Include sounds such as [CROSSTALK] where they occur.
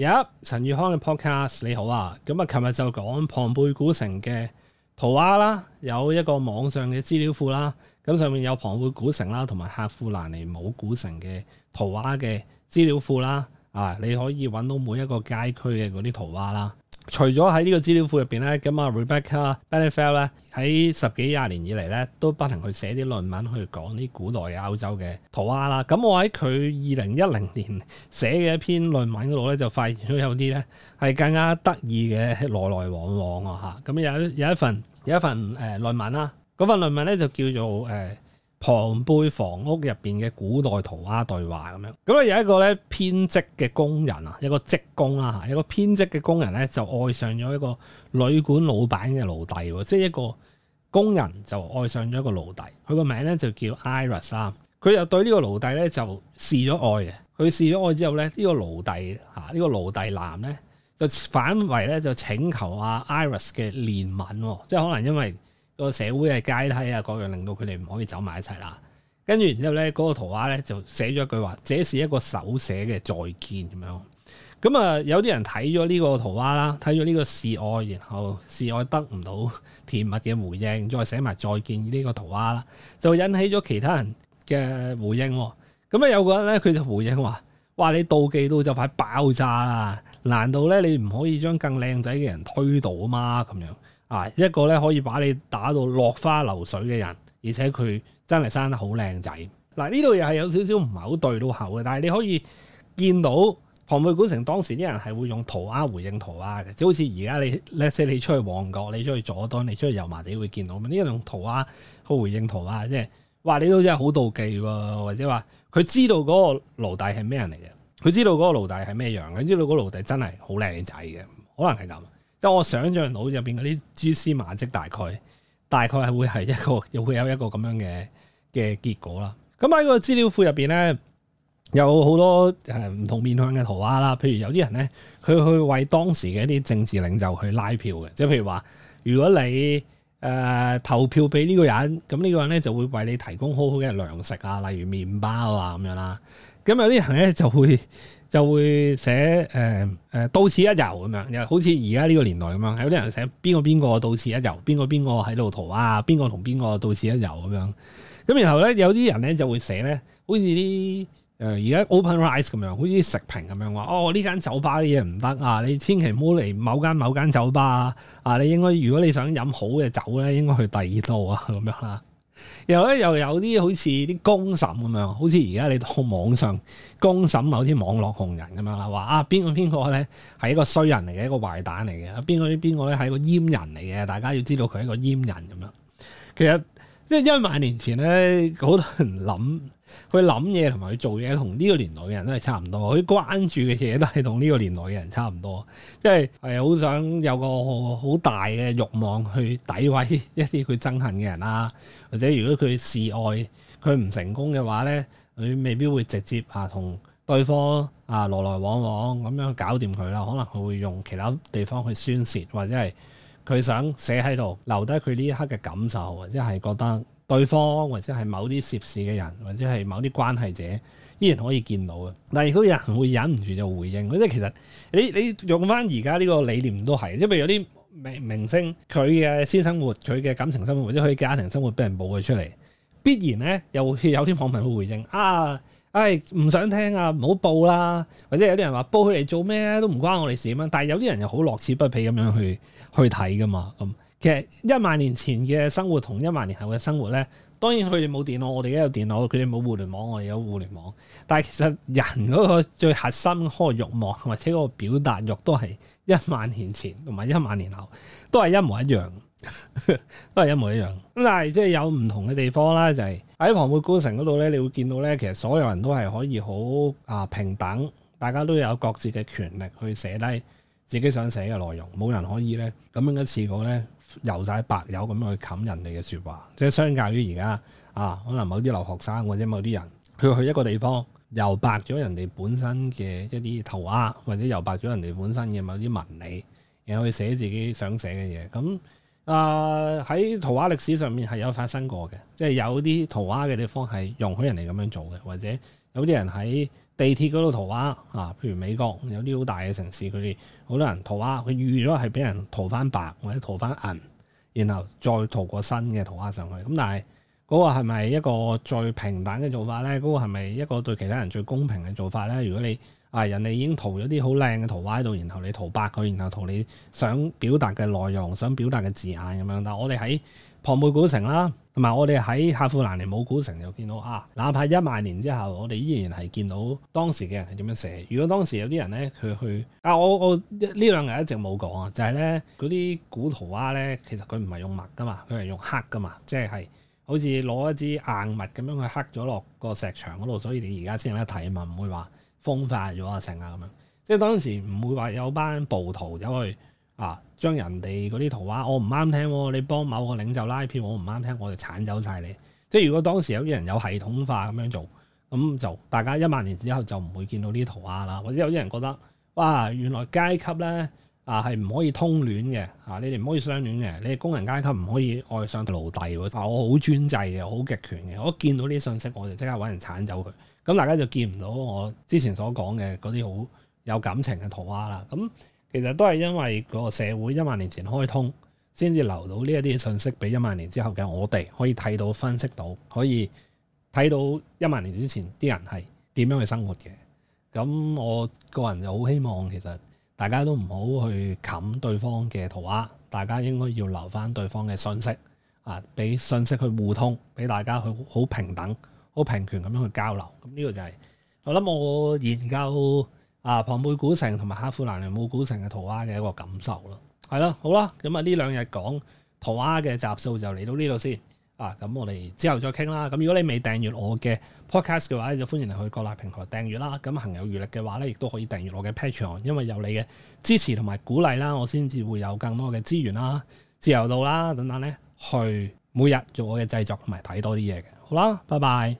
有、yep, 陳宇康嘅 podcast，你好啊，咁啊，琴日就講龐貝古城嘅圖畫啦，有一個網上嘅資料庫啦，咁上面有龐貝古城啦，同埋克富蘭尼姆古城嘅圖畫嘅資料庫啦，啊，你可以揾到每一個街區嘅嗰啲圖畫啦。除咗喺呢個資料庫入邊咧，咁啊 Rebecca Benefell 咧喺十幾廿年以嚟咧都不停去寫啲論文去講啲古代嘅歐洲嘅圖畫啦。咁我喺佢二零一零年寫嘅一篇論文嗰度咧，就發現咗有啲咧係更加得意嘅來來往往啊嚇。咁有有一份有一份誒論，呃、文啦，嗰份論文咧就叫做誒。呃旁貝房屋入邊嘅古代塗鴉對話咁樣，咁咧有一個咧編織嘅工人啊，一個織工啦吓，一個編織嘅工人咧就愛上咗一個旅館老闆嘅奴隸，即係一個工人就愛上咗一個奴隸，佢個名咧就叫 Iris 啦，佢又對呢個奴隸咧就示咗愛嘅，佢示咗愛之後咧呢，這個奴隸吓，呢，這個奴隸男咧就反為咧就請求阿 Iris 嘅憐憫，即係可能因為。個社會嘅階梯啊，各樣令到佢哋唔可以走埋一齊啦。跟住然之後咧，嗰個圖畫咧就寫咗一句話：，這是一個手寫嘅再見咁樣。咁啊，有啲人睇咗呢個圖畫啦，睇咗呢個示愛，然後示愛得唔到甜蜜嘅回應，再寫埋再見呢個圖畫啦，就引起咗其他人嘅回應。咁啊，有個人咧，佢就回應話：，哇，你妒忌到就快爆炸啦！難道咧你唔可以將更靚仔嘅人推到吖嘛？咁樣啊，一個咧可以把你打到落花流水嘅人，而且佢真係生得好靚仔。嗱呢度又係有少少唔係好對到口嘅，但係你可以見到龐貝古城當時啲人係會用塗鴉回應塗鴉嘅，即好似而家你，即使你出去旺角，你出去佐敦，你出去油麻地會見到，咁呢個用塗鴉去回應塗鴉，即係哇你都真係好妒忌喎、啊，或者話佢知道嗰個奴隸係咩人嚟嘅。佢知道嗰個奴隸係咩樣嘅？知道嗰個奴隸真係好靚仔嘅，可能係咁。即係我想象腦入邊嗰啲蛛絲馬跡，大概大概係會係一個，又會有一個咁樣嘅嘅結果啦。咁、嗯、喺個資料庫入邊咧，有好多誒唔、呃、同面向嘅圖畫啦。譬如有啲人咧，佢去為當時嘅一啲政治領袖去拉票嘅，即係譬如話，如果你誒、呃、投票俾呢個人，咁呢個人咧就會為你提供好好嘅糧食啊，例如麵包啊咁樣啦。咁有啲人咧就會就會寫誒誒到此一遊咁樣，又好似而家呢個年代咁樣，有啲人寫邊個邊個到此一遊，邊個邊個喺度圖啊，邊個同邊個到此一遊咁樣。咁然後咧有啲人咧就會寫咧，好似啲誒而家 OpenRice 咁樣，好似食評咁樣話，哦呢間酒吧啲嘢唔得啊，你千祈唔好嚟某間某間酒吧啊，啊你應該如果你想飲好嘅酒咧，應該去第二度啊咁樣啦。啊又咧又有啲好似啲公審咁樣，好似而家你到網上公審某啲網絡紅人咁樣啦，話啊邊個邊個咧係一個衰人嚟嘅，一個壞蛋嚟嘅，邊個邊個咧係一個閹人嚟嘅，大家要知道佢係一個閹人咁樣。其實即係一萬年前咧，好多人諗。佢諗嘢同埋佢做嘢，同呢個年代嘅人都係差唔多。佢關注嘅嘢都係同呢個年代嘅人差唔多，即係係好想有個好大嘅慾望去詆毀一啲佢憎恨嘅人啊，或者如果佢示愛佢唔成功嘅話咧，佢未必會直接啊同對方啊來來往往咁樣搞掂佢啦。可能佢會用其他地方去宣洩，或者係佢想寫喺度留低佢呢一刻嘅感受，或者係覺得。對方或者係某啲涉事嘅人，或者係某啲關係者，依然可以見到嘅。但如果有人會忍唔住就回應，即係其實你你用翻而家呢個理念都係，譬如有啲明明星佢嘅私生活、佢嘅感情生活或者佢嘅家庭生活俾人報佢出嚟，必然咧又有啲網民會回應啊，唉、哎、唔想聽啊，唔好報啦，或者有啲人話報佢嚟做咩、啊、都唔關我哋事啊。但係有啲人又好樂此不疲咁樣去去睇噶嘛咁。嗯其實一萬年前嘅生活同一萬年後嘅生活咧，當然佢哋冇電腦，我哋而家有電腦；佢哋冇互聯網，我哋有互聯網。但係其實人嗰個最核心嗰個慾望或者嗰個表達慾都係一萬年前同埋一萬年後都係一模一樣， [LAUGHS] 都係一模一樣。咁但係即係有唔同嘅地方啦，就係喺《龐貝古城》嗰度咧，你會見到咧，其實所有人都係可以好啊平等，大家都有各自嘅權力去寫低自己想寫嘅內容，冇人可以咧咁樣一次過咧，油曬白油咁樣去冚人哋嘅説話，即係相較於而家啊，可能某啲留學生或者某啲人，佢去一個地方，油白咗人哋本身嘅一啲塗鴉，或者油白咗人哋本身嘅某啲文理，然後去寫自己想寫嘅嘢。咁啊喺塗鴉歷史上面係有發生過嘅，即係有啲塗鴉嘅地方係容許人哋咁樣做嘅，或者。有啲人喺地鐵嗰度塗畫啊，譬如美國有啲好大嘅城市，佢哋好多人塗畫，佢預咗係俾人塗翻白或者塗翻銀，然後再塗個新嘅塗畫上去。咁但係嗰個係咪一個最平等嘅做法咧？嗰、嗰個係咪一個對其他人最公平嘅做法咧？如果你啊人哋已經塗咗啲好靚嘅塗畫喺度，然後你塗白佢，然後塗你想表達嘅內容、想表達嘅字眼咁樣，但係我哋喺龐貝古城啦。同埋我哋喺克夫蘭尼姆古城，就見到啊！哪怕一萬年之後，我哋依然係見到當時嘅人係點樣寫。如果當時有啲人咧，佢去啊，我我呢兩日一直冇講啊，就係咧嗰啲古圖畫咧，其實佢唔係用墨㗎嘛，佢係用黑㗎嘛，即係係好似攞一支硬物咁樣去黑咗落個石牆嗰度，所以你而家先有得睇嘛，唔會話風化咗啊成啊咁樣。即係當時唔會話有班暴徒走去。啊！將人哋嗰啲圖畫，我唔啱聽、哦，你幫某個領袖拉票，我唔啱聽，我就鏟走晒你。即係如果當時有啲人有系統化咁樣做，咁、嗯、就大家一萬年之後就唔會見到呢啲圖畫啦。或者有啲人覺得，哇！原來階級咧啊係唔可以通戀嘅啊，你哋唔可以相戀嘅，你係工人階級唔可以愛上奴隸喎、啊。我好專制嘅，好極權嘅，我一見到呢啲信息我就即刻揾人鏟走佢。咁、嗯、大家就見唔到我之前所講嘅嗰啲好有感情嘅圖畫啦。咁、嗯。嗯其實都係因為個社會一萬年前開通，先至留到呢一啲信息俾一萬年之後嘅我哋，可以睇到、分析到，可以睇到一萬年之前啲人係點樣去生活嘅。咁我個人就好希望，其實大家都唔好去冚對方嘅圖畫，大家應該要留翻對方嘅信息啊，俾信息去互通，俾大家去好平等、好平權咁樣去交流。咁、這、呢個就係、是、我諗我研究、啊，龐貝古城同埋哈夫蘭尼姆古城嘅圖瓦嘅一個感受咯，係、嗯、咯，好啦，咁啊呢兩日講圖瓦嘅集數就嚟到呢度先，啊，咁我哋之後再傾啦。咁如果你未訂閱我嘅 podcast 嘅話，就歡迎你去各大平台訂閱啦。咁、啊、行有餘力嘅話咧，亦都可以訂閱我嘅 Patreon 哦，因為有你嘅支持同埋鼓勵啦，我先至會有更多嘅資源啦、自由度啦等等咧，去每日做我嘅製作同埋睇多啲嘢嘅。好啦，拜拜。